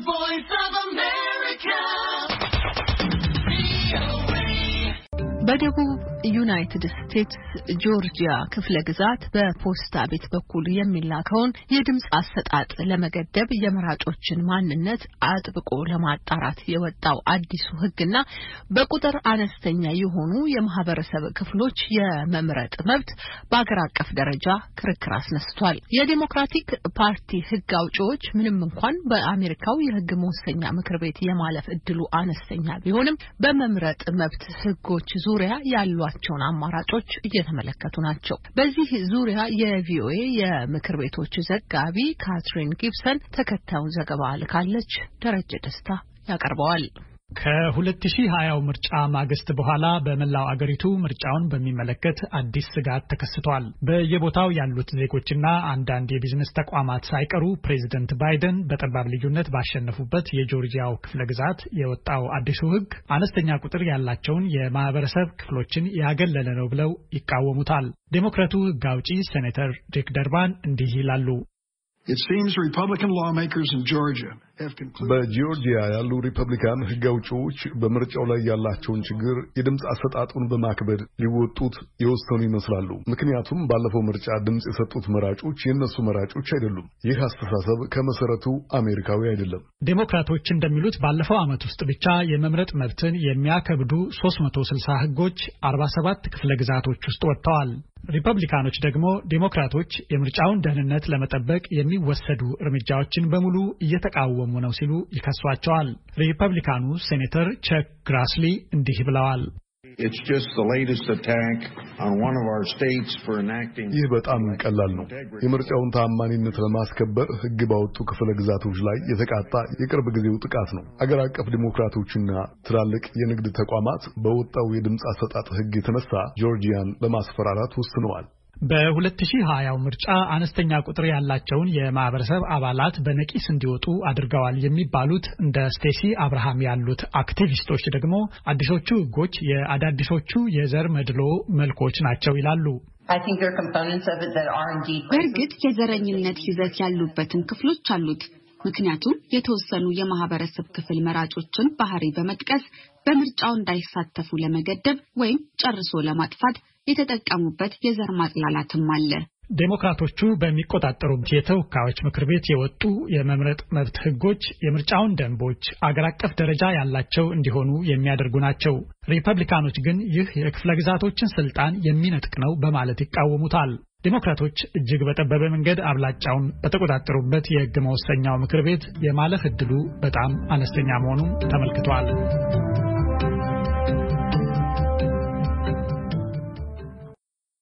The voice of America. VOA. በደቡብ ዩናይትድ ስቴትስ ጆርጂያ ክፍለ ግዛት በፖስታ ቤት በኩል የሚላከውን የድምፅ አሰጣጥ ለመገደብ የመራጮችን ማንነት አጥብቆ ለማጣራት የወጣው አዲሱ ሕግና በቁጥር አነስተኛ የሆኑ የማህበረሰብ ክፍሎች የመምረጥ መብት በአገር አቀፍ ደረጃ ክርክር አስነስቷል። የዴሞክራቲክ ፓርቲ ሕግ አውጪዎች ምንም እንኳን በአሜሪካው የሕግ መወሰኛ ምክር ቤት የማለፍ እድሉ አነስተኛ ቢሆንም በመምረጥ መብት ሕጎች ዙሪያ ያሏ ያሏቸውን አማራጮች እየተመለከቱ ናቸው። በዚህ ዙሪያ የቪኦኤ የምክር ቤቶች ዘጋቢ ካትሪን ጊብሰን ተከታዩን ዘገባ ልካለች። ደረጀ ደስታ ያቀርበዋል። ከ2020 ምርጫ ማግስት በኋላ በመላው አገሪቱ ምርጫውን በሚመለከት አዲስ ስጋት ተከስቷል። በየቦታው ያሉት ዜጎችና አንዳንድ የቢዝነስ ተቋማት ሳይቀሩ ፕሬዚደንት ባይደን በጠባብ ልዩነት ባሸነፉበት የጆርጂያው ክፍለ ግዛት የወጣው አዲሱ ሕግ አነስተኛ ቁጥር ያላቸውን የማህበረሰብ ክፍሎችን ያገለለ ነው ብለው ይቃወሙታል። ዴሞክራቱ ሕግ አውጪ ሴኔተር ሪክ ደርባን እንዲህ ይላሉ። It seems Republican lawmakers in Georgia have concluded. በጂኦርጂያ ያሉ ሪፐብሊካን ሕግ አውጪዎች በምርጫው ላይ ያላቸውን ችግር የድምፅ አሰጣጡን በማክበድ ሊወጡት የወሰኑ ይመስላሉ። ምክንያቱም ባለፈው ምርጫ ድምፅ የሰጡት መራጮች የእነሱ መራጮች አይደሉም። ይህ አስተሳሰብ ከመሰረቱ አሜሪካዊ አይደለም። ዴሞክራቶች እንደሚሉት ባለፈው ዓመት ውስጥ ብቻ የመምረጥ መብትን የሚያከብዱ 360 ሕጎች 47 ክፍለ ግዛቶች ውስጥ ወጥተዋል። ሪፐብሊካኖች ደግሞ ዴሞክራቶች የምርጫውን ደህንነት ለመጠበቅ የሚወሰዱ እርምጃዎችን በሙሉ እየተቃወሙ ነው ሲሉ ይከሷቸዋል። ሪፐብሊካኑ ሴኔተር ቸክ ግራስሊ እንዲህ ብለዋል። ይህ በጣም ቀላል ነው። የምርጫውን ታማኒነት ለማስከበር ሕግ ባወጡ ክፍለ ግዛቶች ላይ የተቃጣ የቅርብ ጊዜው ጥቃት ነው። አገር አቀፍ ዲሞክራቶችና ትላልቅ የንግድ ተቋማት በወጣው የድምፅ አሰጣጥ ሕግ የተነሳ ጆርጂያን ለማስፈራራት ወስነዋል። በ2020 ምርጫ አነስተኛ ቁጥር ያላቸውን የማህበረሰብ አባላት በነቂስ እንዲወጡ አድርገዋል የሚባሉት እንደ ስቴሲ አብርሃም ያሉት አክቲቪስቶች ደግሞ አዲሶቹ ህጎች የአዳዲሶቹ የዘር መድሎ መልኮች ናቸው ይላሉ። በእርግጥ የዘረኝነት ይዘት ያሉበትን ክፍሎች አሉት። ምክንያቱም የተወሰኑ የማህበረሰብ ክፍል መራጮችን ባህሪ በመጥቀስ በምርጫው እንዳይሳተፉ ለመገደብ ወይም ጨርሶ ለማጥፋት የተጠቀሙበት የዘር ማጥላላትም አለ። ዴሞክራቶቹ በሚቆጣጠሩት የተወካዮች ምክር ቤት የወጡ የመምረጥ መብት ህጎች የምርጫውን ደንቦች አገር አቀፍ ደረጃ ያላቸው እንዲሆኑ የሚያደርጉ ናቸው። ሪፐብሊካኖች ግን ይህ የክፍለ ግዛቶችን ስልጣን የሚነጥቅ ነው በማለት ይቃወሙታል። ዴሞክራቶች እጅግ በጠበበ መንገድ አብላጫውን በተቆጣጠሩበት የህግ መወሰኛው ምክር ቤት የማለፍ እድሉ በጣም አነስተኛ መሆኑም ተመልክቷል።